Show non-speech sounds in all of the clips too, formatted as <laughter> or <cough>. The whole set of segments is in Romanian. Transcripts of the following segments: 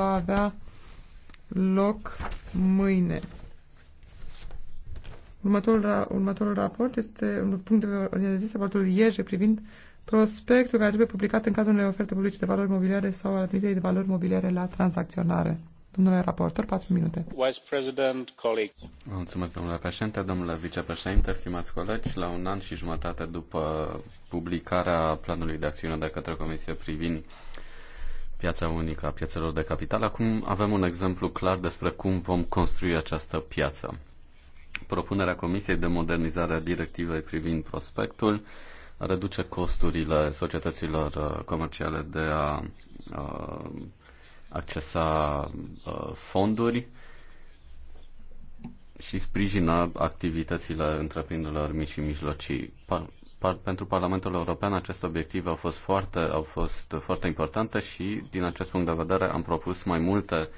va avea loc mâine. Următorul, următorul raport este, un punct de vedere zis, raportul Ieje privind prospectul care trebuie publicat în cazul unei oferte publice de valori mobiliare sau al admiterii de valori mobiliare la tranzacționare. Domnule raportor, 4 minute. Vice President, colleague. Mulțumesc, domnule președinte, domnule vicepreședinte, stimați colegi. La un an și jumătate după publicarea planului de acțiune de către Comisie privind piața unică a piațelor de capital. Acum avem un exemplu clar despre cum vom construi această piață. Propunerea Comisiei de modernizare a directivei privind prospectul reduce costurile societăților uh, comerciale de a, a uh, accesa uh, fonduri și sprijină activitățile întreprinderilor mici și mijlocii par, pentru Parlamentul European aceste obiective au fost, foarte, au fost foarte importante și din acest punct de vedere am propus mai multe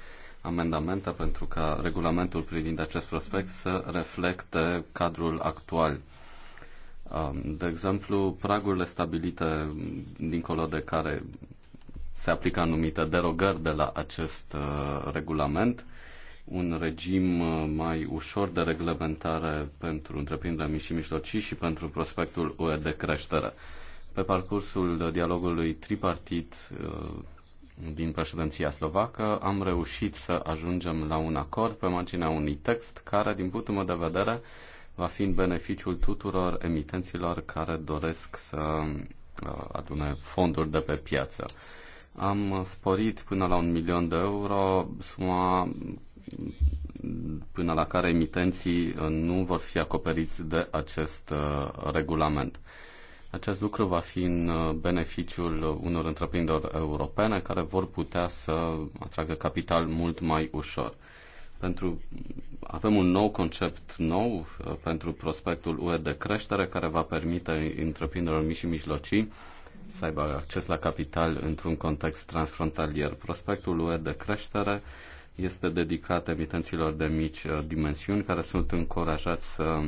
amendamente pentru ca regulamentul privind acest prospect să reflecte cadrul actual. Um, de exemplu, pragurile stabilite dincolo de care se aplică anumite derogări de la acest uh, regulament uh, un regim uh, mai ușor de reglementare pentru întreprinderea mici și mijlocii și pentru prospectul UE de creștere. Pe parcursul dialogului tripartit uh, din președinția slovacă am reușit să ajungem la un acord pe marginea unui text care, din punctul meu de vedere, va fi în beneficiul tuturor emitenților care doresc să uh, adune fonduri de pe piață. Am sporit până la un milion de euro suma până la care emitenții uh, nu vor fi acoperiți de acest uh, regulament. Acest lucru va fi în uh, beneficiul unor întreprinderi europene care vor putea să atragă capital mult mai ușor. Pentru, avem un nou concept nou pentru prospectul UE de creștere care va permite întreprinderilor mici și mijlocii să aibă acces la capital într-un context transfrontalier. Prospectul UE de creștere uh, este dedicat emitenților de mici uh, dimensiuni care sunt încurajați să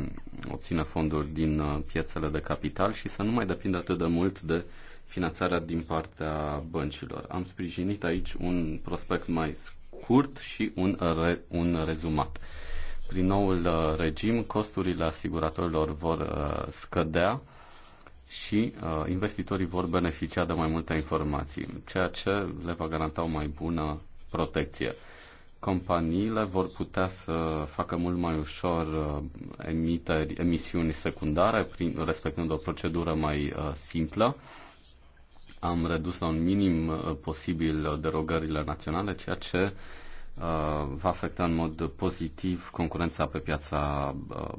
obțină fonduri din uh, piețele de capital și să nu mai depindă atât de mult de finanțarea din partea băncilor. Am sprijinit aici un prospect mai scurt și un, re, un rezumat. Prin noul uh, regim, costurile asiguratorilor vor scădea și uh, investitorii vor beneficia de mai multe informații, ceea ce le va garanta o mai bună protecție companiile vor putea să facă mult mai ușor uh, emiteri, emisiuni secundare, prin, respectând o procedură mai uh, simplă. Am redus la un minim uh, posibil derogările naționale, ceea ce va afecta în mod pozitiv concurența pe piața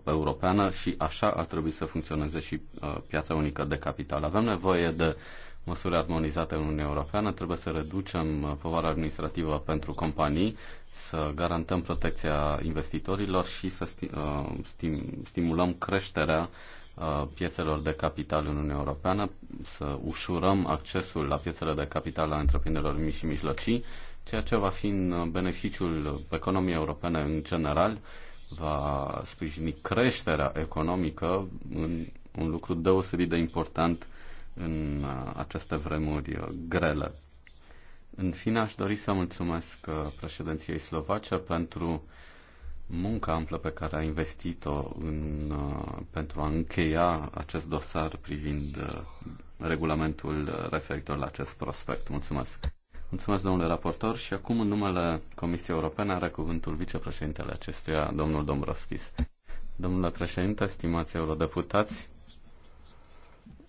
europeană și așa ar trebui să funcționeze și piața unică de capital. Avem nevoie de măsuri armonizate în Uniunea Europeană, trebuie să reducem povara administrativă pentru companii, să garantăm protecția investitorilor și să uh, stimulăm creșterea uh, piețelor de capital în Uniunea Europeană, să ușurăm accesul la piețele de capital a întreprinderilor mici și mijlocii, ceea ce va fi în beneficiul economiei europene în general, va sprijini creșterea economică, în un lucru deosebit de important uh, în uh, aceste vremuri grele. În fine, aș dori să mulțumesc uh, președinției slovace pentru munca amplă pe care a investit-o în, uh, pentru a încheia acest dosar privind regulamentul referitor la acest prospect. Mulțumesc! Mulțumesc, domnule raportor, și acum, în numele Comisiei Europene, are cuvântul vicepreședintele acestuia, domnul Dombrovskis. Domnule președinte, stimați eurodeputați,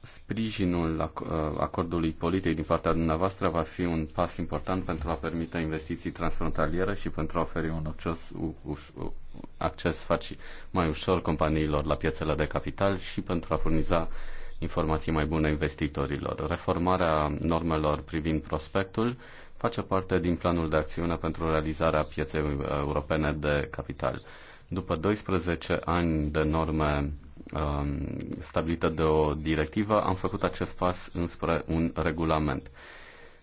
sprijinul ă, acordului politic din partea dumneavoastră va fi un pas important pentru a permite investiții transfrontaliere și pentru a oferi un acces, u, acces faci mai ușor companiilor la piețele de capital și pentru a furniza informații mai bune investitorilor. Reformarea normelor privind prospectul face parte din planul de acțiune pentru realizarea pieței europene de capital. După 12 ani de norme Um, stabilită de o directivă, am făcut acest pas înspre un regulament.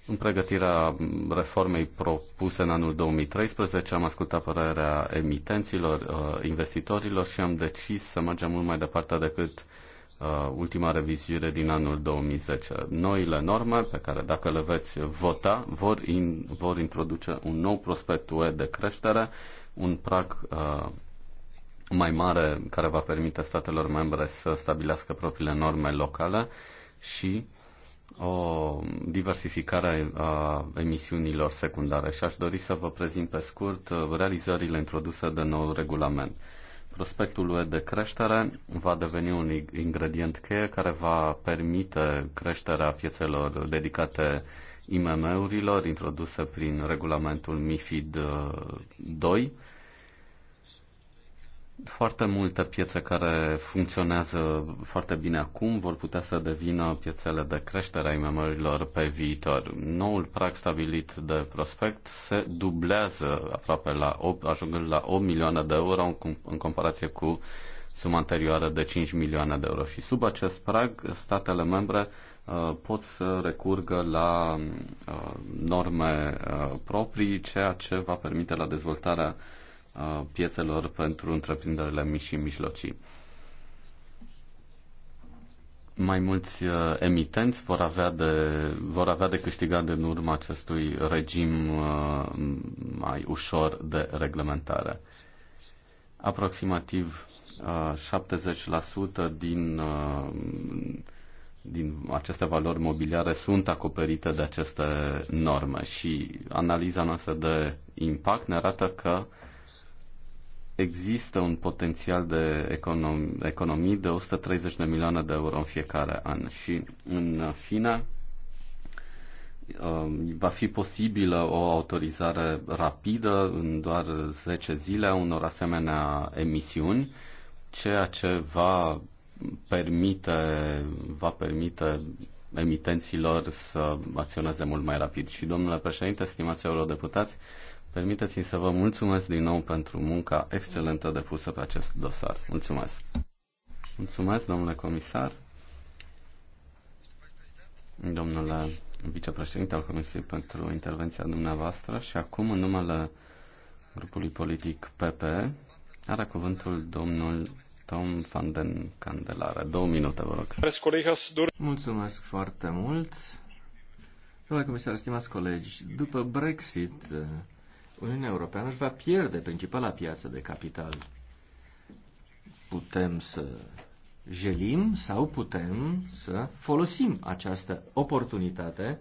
În pregătirea reformei propuse în anul 2013 am ascultat părerea emitenților, uh, investitorilor și am decis să mergem mult mai departe decât uh, ultima revizuire din anul 2010. Noile norme pe care dacă le veți vota vor, in, vor introduce un nou prospect UE de creștere, un prag uh, mai mare care va permite statelor membre să stabilească propriile norme locale și o diversificare a emisiunilor secundare și aș dori să vă prezint pe scurt realizările introduse de nou regulament. Prospectul UE de creștere va deveni un ingredient cheie care va permite creșterea piețelor dedicate IMM-urilor introduse prin regulamentul MIFID 2 uh, foarte multe piețe care funcționează foarte bine acum vor putea să devină piețele de creștere a imm pe viitor. Noul prag stabilit de prospect se dublează aproape la 8, ajungând la 8 milioane de euro în comparație cu suma anterioară de 5 milioane de euro. Și sub acest prag, statele membre uh, pot să recurgă la uh, norme uh, proprii, ceea ce va permite la dezvoltarea Uh, piețelor pentru întreprinderile mici și mijlocii. Mai mulți uh, emitenți vor avea, de, vor avea de câștigat de în urma acestui regim uh, mai ușor de reglementare. Aproximativ 70% din, din aceste valori mobiliare sunt acoperite de aceste norme și analiza noastră de impact ne arată că uh, Există un potențial de economi, economii de 130 de milioane de euro în fiecare an și, în fine, um, va fi posibilă o autorizare rapidă în doar 10 zile a unor asemenea emisiuni, ceea ce va permite, va permite emitenților să acționeze mult mai rapid. Și, domnule președinte, stimați eurodeputați, deputați. Permiteți-mi să vă mulțumesc din nou pentru munca excelentă depusă pe acest dosar. Mulțumesc! Mulțumesc, domnule comisar, domnule vicepreședinte al Comisiei pentru intervenția dumneavoastră și acum, în numele grupului politic PP, are cuvântul domnul Tom van den Candelare. Două minute, vă rog. Mulțumesc foarte mult. Domnule comisar, stimați colegi, după Brexit, Uniunea Europeană își va pierde principala piață de capital. Putem să jelim sau putem să folosim această oportunitate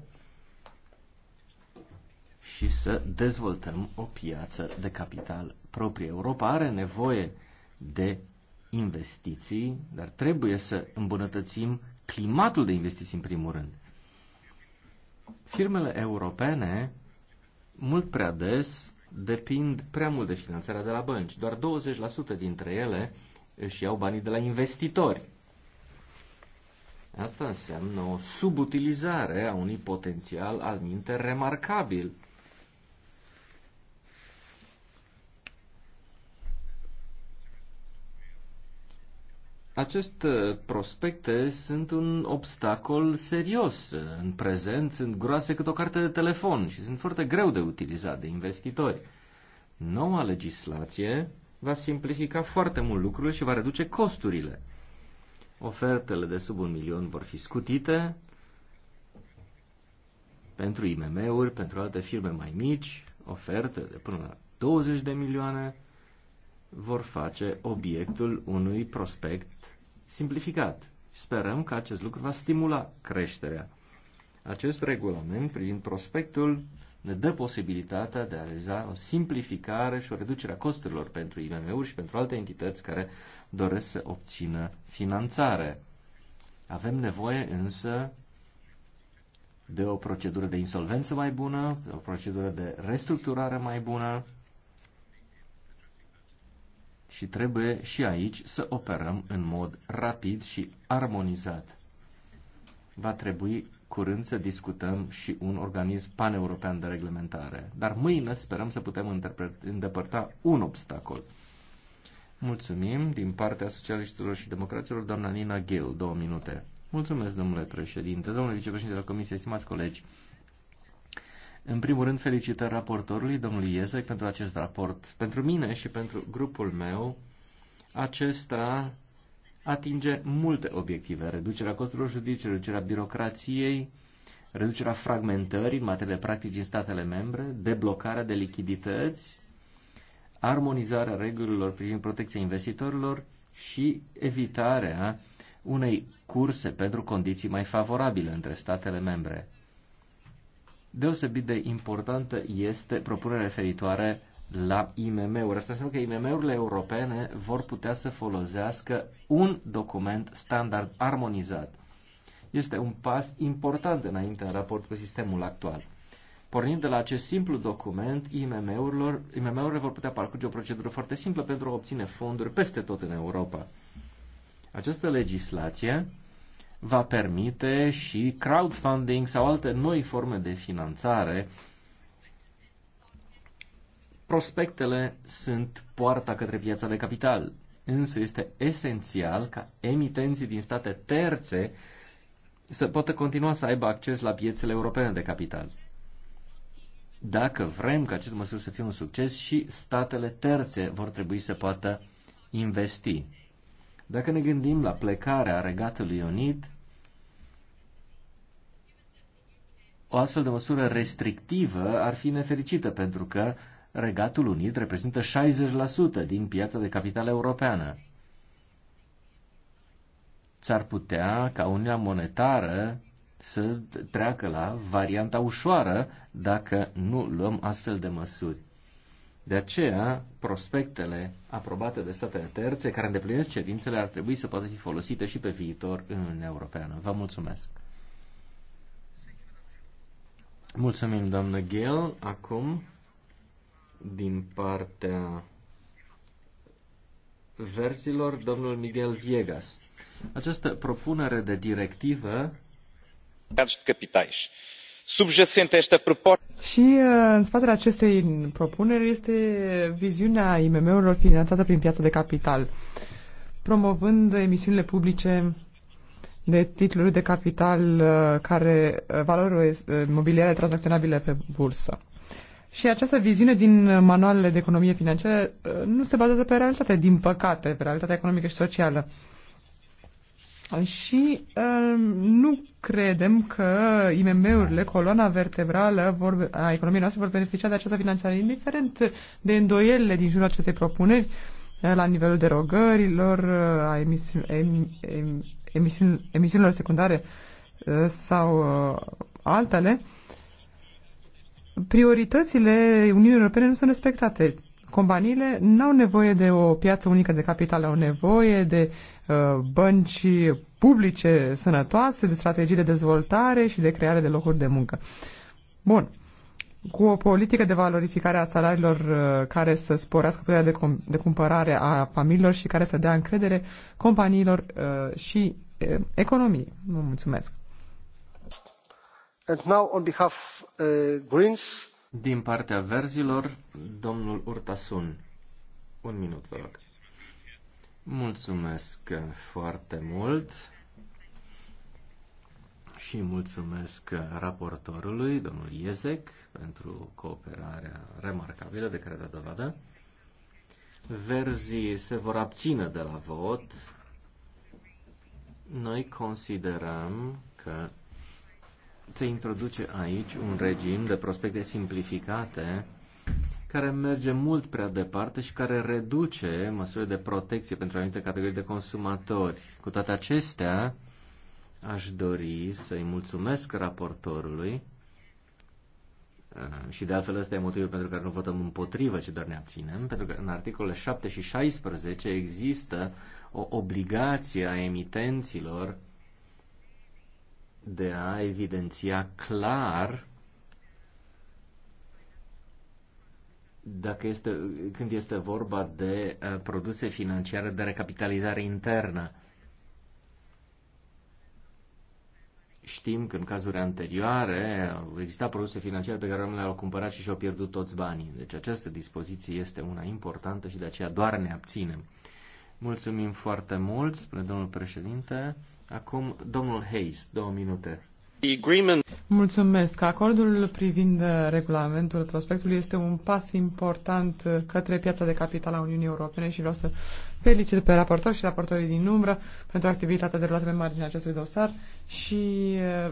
și să dezvoltăm o piață de capital proprie. Europa are nevoie de investiții, dar trebuie să îmbunătățim climatul de investiții în primul rând. Firmele europene mult prea des depind prea mult de finanțarea de la bănci. Doar 20% dintre ele își iau banii de la investitori. Asta înseamnă o subutilizare a unui potențial al minte remarcabil. Aceste uh, prospecte sunt un obstacol serios. În prezent sunt groase cât o carte de telefon și sunt foarte greu de utilizat de investitori. Noua legislație va simplifica foarte mult lucrurile și va reduce costurile. Ofertele de sub un milion vor fi scutite pentru IMM-uri, pentru alte firme mai mici, oferte de până la 20 de milioane, vor face obiectul unui prospect simplificat. Sperăm că acest lucru va stimula creșterea. Acest regulament privind prospectul ne dă posibilitatea de a realiza o simplificare și o reducere a costurilor pentru IMM-uri și pentru alte entități care doresc să obțină finanțare. Avem nevoie însă de o procedură de insolvență mai bună, de o procedură de restructurare mai bună și trebuie și aici să operăm în mod rapid și armonizat. Va trebui curând să discutăm și un organism paneuropean de reglementare, dar mâine sperăm să putem îndepărta un obstacol. Mulțumim din partea socialiștilor și democraților, doamna Nina Gill, două minute. Mulțumesc, domnule președinte, domnule vicepreședinte al Comisiei, stimați colegi. În primul rând, felicitări raportorului, domnul Iezec, pentru acest raport. Pentru mine și pentru grupul meu, acesta atinge multe obiective. Reducerea costurilor judice, reducerea birocrației, reducerea fragmentării în materie de practici în statele membre, deblocarea de lichidități, armonizarea regulilor privind protecția investitorilor și evitarea unei curse pentru condiții mai favorabile între statele membre. Deosebit de importantă este propunerea referitoare la IMM-uri. Asta înseamnă că IMM-urile europene vor putea să folosească un document standard armonizat. Este un pas important înainte în raport cu sistemul actual. Pornind de la acest simplu document, IMM-urilor, IMM-urile vor putea parcurge o procedură foarte simplă pentru a obține fonduri peste tot în Europa. Această legislație va permite și crowdfunding sau alte noi forme de finanțare. Prospectele sunt poarta către piața de capital, însă este esențial ca emitenții din state terțe să poată continua să aibă acces la piețele europene de capital. Dacă vrem ca acest măsuri să fie un succes, și statele terțe vor trebui să poată investi. Dacă ne gândim la plecarea Regatului Unit, o astfel de măsură restrictivă ar fi nefericită pentru că Regatul Unit reprezintă 60% din piața de capital europeană. S-ar putea ca Uniunea Monetară să treacă la varianta ușoară dacă nu luăm astfel de măsuri. De aceea, prospectele aprobate de statele terțe care îndeplinesc cerințele ar trebui să poată fi folosite și pe viitor în Uniunea Europeană. Vă mulțumesc! Mulțumim, doamnă Gale. Acum, din partea verzilor, domnul Miguel Viegas. Această propunere de directivă. Capitais subjacente esta proposta. Și uh, în spatele acestei propuneri este viziunea IMM-urilor finanțată prin piața de capital, promovând emisiunile publice de titluri de capital uh, care uh, valori mobiliare tranzacționabile pe bursă. Și această viziune din manualele de economie financiară nu se bazează pe realitate, din păcate, pe realitatea economică și socială. Și nu credem că IMM-urile, coloana vertebrală vor, a economiei noastre, vor beneficia de această finanțare, indiferent de îndoielile din jurul acestei propuneri la nivelul derogărilor, a emisi, em, emisi- emisiunilor secundare uh, sau uh, altele, prioritățile Uniunii Europene nu sunt respectate. Companiile nu au nevoie de o piață unică de capital, au nevoie de uh, bănci publice sănătoase, de strategii de dezvoltare și de creare de locuri de muncă. Bun. Cu o politică de valorificare a salariilor uh, care să sporească puterea de, com- de cumpărare a familiilor și care să dea încredere companiilor uh, și uh, economiei. Vă mulțumesc. And now on behalf uh, Greens. Din partea verzilor, domnul Urtasun. Un minut, vă rog. Mulțumesc foarte mult și mulțumesc raportorului, domnul Iezec, pentru cooperarea remarcabilă de care a dat dovadă. Verzii se vor abține de la vot. Noi considerăm că se introduce aici un regim de prospecte simplificate care merge mult prea departe și care reduce măsurile de protecție pentru anumite categorii de consumatori. Cu toate acestea, aș dori să-i mulțumesc raportorului uh, și de altfel ăsta e motivul pentru care nu votăm împotrivă, ci doar ne abținem, pentru că în articolele 7 și 16 există o obligație a emitenților de a evidenția clar dacă este, când este vorba de uh, produse financiare de recapitalizare internă. Știm că în cazuri anterioare exista produse financiare pe care oamenii le-au cumpărat și și-au pierdut toți banii. Deci această dispoziție este una importantă și de aceea doar ne abținem. Mulțumim foarte mult, spune domnul președinte. Acum domnul Hayes, două minute. Mulțumesc. Acordul privind regulamentul prospectului este un pas important către piața de capital a Uniunii Europene și vreau să felicit pe raportor și raportorii din umbră pentru activitatea derulată pe marginea acestui dosar și eh,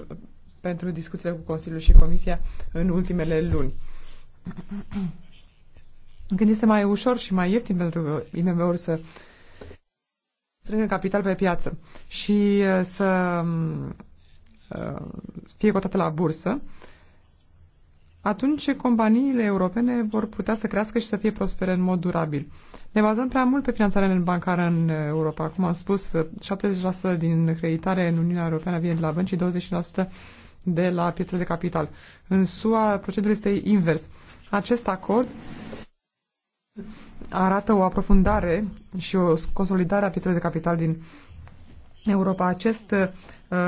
pentru discuțiile cu Consiliul și Comisia în ultimele luni. Când este mai ușor și mai ieftin pentru IMM-uri să strângă capital pe piață și eh, să Uh, fie cotate la bursă, atunci companiile europene vor putea să crească și să fie prospere în mod durabil. Ne bazăm prea mult pe finanțarea bancară în Europa. Cum am spus, 70% din creditare în Uniunea Europeană vine de la bănci și 20% de la piețele de capital. În SUA, procedura este invers. Acest acord arată o aprofundare și o consolidare a piețelor de capital din Europa. Acest uh,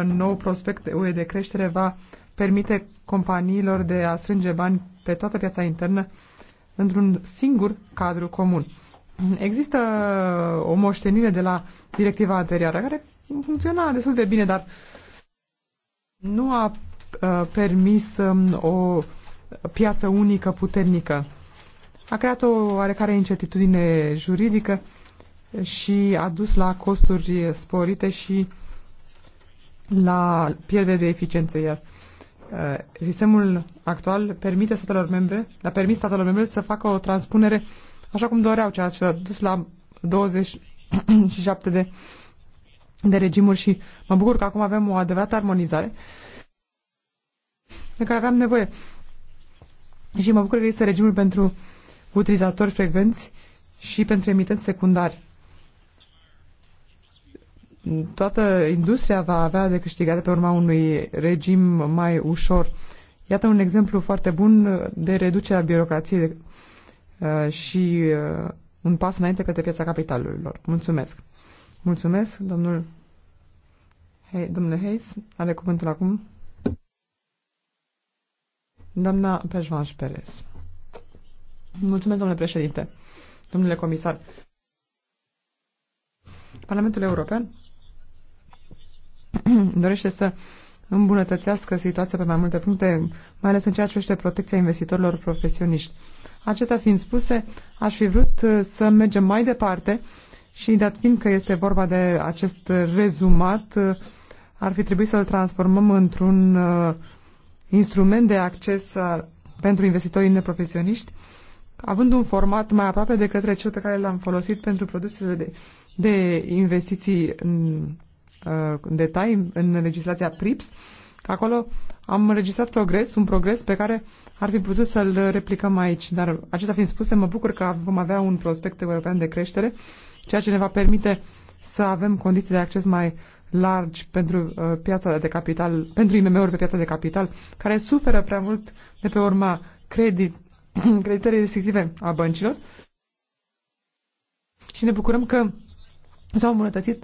nou prospect UE de creștere va permite companiilor de a strânge bani pe toată piața internă într-un singur cadru comun. Există o moștenire de la directiva anterioară care funcționa destul de bine, dar nu a uh, permis um, o piață unică puternică. A creat o oarecare incertitudine juridică și a dus la costuri sporite și la pierdere de eficiență, iar uh, sistemul actual permite statelor membre, a permis statelor membre să facă o transpunere așa cum doreau, ceea ce a dus la 27 de, de regimuri și mă bucur că acum avem o adevărată armonizare de care aveam nevoie. Și mă bucur că există regimuri pentru utilizatori frecvenți și pentru emitenți secundari toată industria va avea de câștigat de pe urma unui regim mai ușor. Iată un exemplu foarte bun de reducerea birocrației uh, și uh, un pas înainte către piața capitalurilor. Mulțumesc! Mulțumesc, domnul domnule Hayes. Are cuvântul acum doamna Pejvanș Perez. Mulțumesc, domnule președinte, domnule comisar. Parlamentul European <clears throat> dorește să îmbunătățească situația pe mai multe puncte, mai ales în ceea ce privește protecția investitorilor profesioniști. Acestea fiind spuse, aș fi vrut uh, să mergem mai departe și dat fiind că este vorba de acest rezumat, uh, ar fi trebuit să-l transformăm într-un uh, instrument de acces pentru investitorii neprofesioniști, având un format mai aproape de către cel pe care l-am folosit pentru produsele de, de investiții Uh, în detalii în legislația PRIPS, că acolo am înregistrat progres, un progres pe care ar fi putut să-l replicăm aici. Dar acesta fiind spuse, mă bucur că vom avea un prospect european de creștere, ceea ce ne va permite să avem condiții de acces mai largi pentru uh, piața de capital, pentru IMM-uri pe piața de capital, care suferă prea mult de pe urma credit, <clears throat> creditării restrictive a băncilor. Și ne bucurăm că s-au îmbunătățit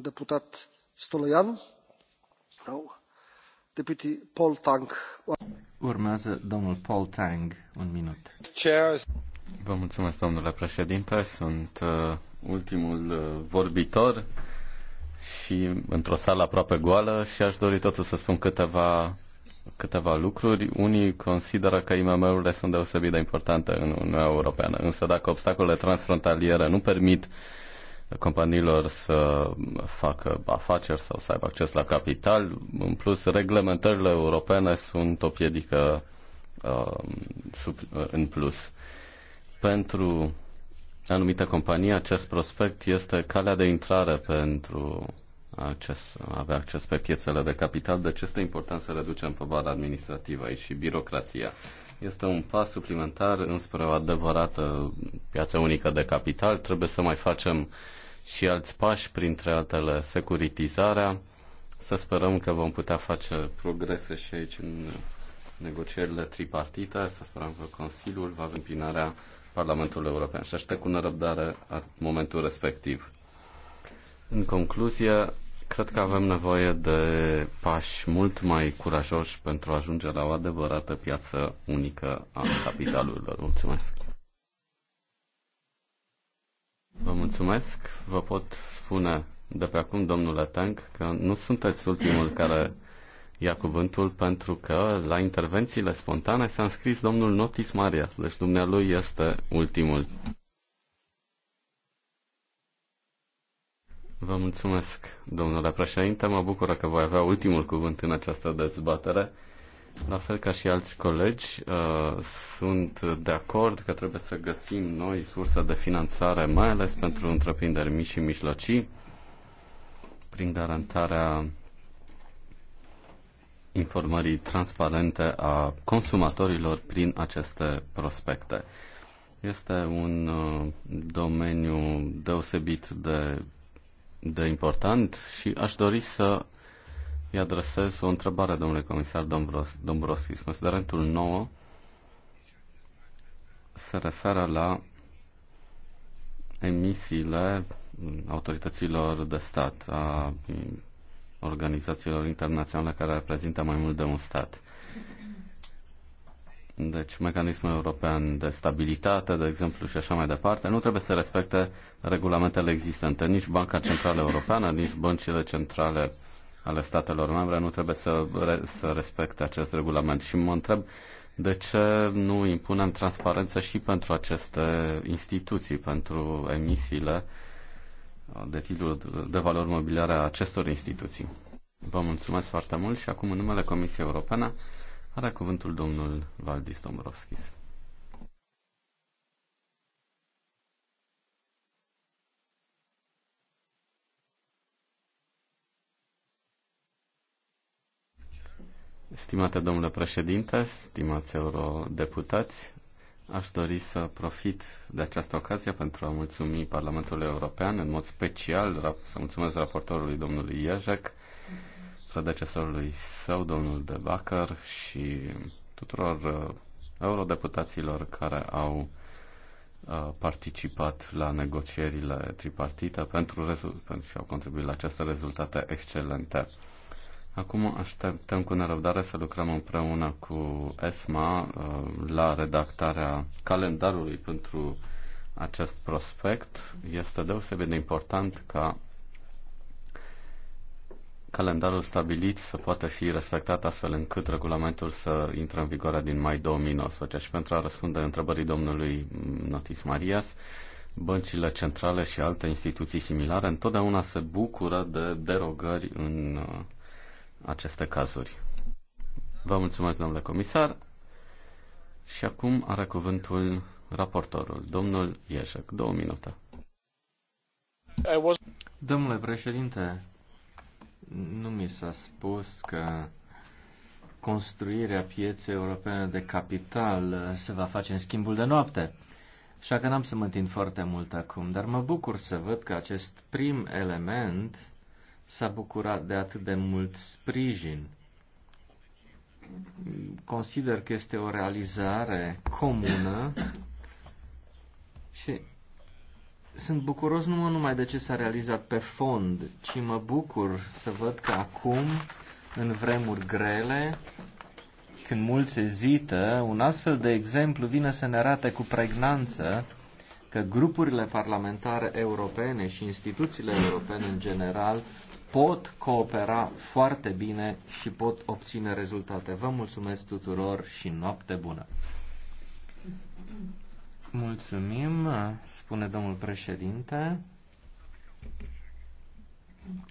deputat urmează domnul paul tang un minut. domnule președinte. Sunt ultimul vorbitor și într-o sală aproape goală și aș dori totuși să spun câteva, câteva lucruri. Unii consideră că IMM-urile sunt deosebit de importante în Uniunea Europeană, însă dacă obstacolele transfrontaliere nu permit companiilor să facă afaceri sau să aibă acces la capital. În plus, reglementările europene sunt o piedică uh, sub, uh, în plus. Pentru anumite companii, acest prospect este calea de intrare pentru a avea acces pe piețele de capital, deci este important să reducem povara administrativă aici și birocrația. Este un pas suplimentar înspre o adevărată piață unică de capital. Trebuie să mai facem și alți pași, printre altele securitizarea. Să sperăm că vom putea face progrese și aici în negocierile tripartite, să sperăm că Consiliul va avea împinarea Parlamentului European și aștept cu nerăbdare momentul respectiv. În concluzie, cred că avem nevoie de pași mult mai curajoși pentru a ajunge la o adevărată piață unică a capitalurilor. Mulțumesc! Vă mulțumesc. Vă pot spune de pe acum, domnule Tank, că nu sunteți ultimul care ia cuvântul pentru că la intervențiile spontane s-a înscris domnul Notis Marias, deci dumnealui este ultimul. Vă mulțumesc, domnule președinte. Mă bucură că voi avea ultimul cuvânt în această dezbatere. La fel ca și alți colegi, uh, sunt de acord că trebuie să găsim noi surse de finanțare, mai ales pentru întreprinderi mici și mijlocii, prin garantarea informării transparente a consumatorilor prin aceste prospecte. Este un uh, domeniu deosebit de, de important și aș dori să îi adresez o întrebare, domnule comisar Dombros, Dombrovskis. Considerentul 9 se referă la emisiile autorităților de stat, a organizațiilor internaționale care reprezintă mai mult de un stat. Deci, mecanismul european de stabilitate, de exemplu, și așa mai departe, nu trebuie să respecte regulamentele existente. Nici Banca Centrală Europeană, nici băncile centrale uh, ale statelor membre nu trebuie să, re, să respecte acest regulament. Și mă întreb de ce nu impunem transparență și pentru aceste instituții, pentru emisiile uh, de titluri de valori mobiliare a acestor instituții. Vă mulțumesc foarte mult și acum în numele Comisiei Europene are cuvântul domnul Valdis Dombrovskis. Stimate domnule președinte, stimați eurodeputați, aș dori să profit de această ocazie pentru a mulțumi Parlamentul European, în mod special să mulțumesc raportorului domnului Iejec, predecesorului său, domnul De Bacăr și tuturor uh, eurodeputaților care au uh, participat la negocierile tripartite pentru, pentru și au contribuit la aceste rezultate excelente. Acum așteptăm cu nerăbdare să lucrăm împreună cu ESMA uh, la redactarea calendarului pentru acest prospect. Este deosebit de important ca calendarul stabilit să poată fi respectat astfel încât regulamentul să intre în vigoare din mai 2019. Și pentru a răspunde întrebării domnului Notis Marias, băncile centrale și alte instituții similare întotdeauna se bucură de derogări în uh, aceste cazuri. Vă mulțumesc, domnule comisar. Și acum are cuvântul raportorul, domnul Ieșec. Două minute. Domnule președinte, nu mi s-a spus că construirea pieței europene de capital uh, se va face în schimbul de noapte. Așa că n-am să mă întind foarte mult acum, dar mă bucur să văd că acest prim element s-a bucurat de atât de mult sprijin. Consider că este o realizare comună și sunt bucuros nu numai de ce s-a realizat pe fond, ci mă bucur să văd că acum, în vremuri grele, când mulți ezită, un astfel de exemplu vine să ne arate cu pregnanță că grupurile parlamentare europene și instituțiile europene în general pot coopera foarte bine și pot obține rezultate. Vă mulțumesc tuturor și noapte bună! Mulțumim, spune domnul președinte.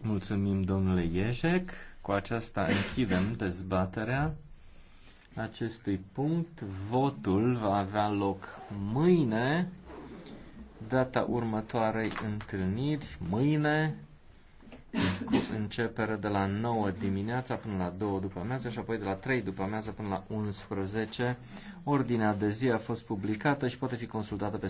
Mulțumim, domnule Iejec. Cu aceasta închidem dezbaterea acestui punct. Votul va avea loc mâine, data următoarei întâlniri, mâine, cu începere de la 9 dimineața până la 2 după amiază și apoi de la 3 după amiază până la 11. Ordinea de zi a fost publicată și poate fi consultată pe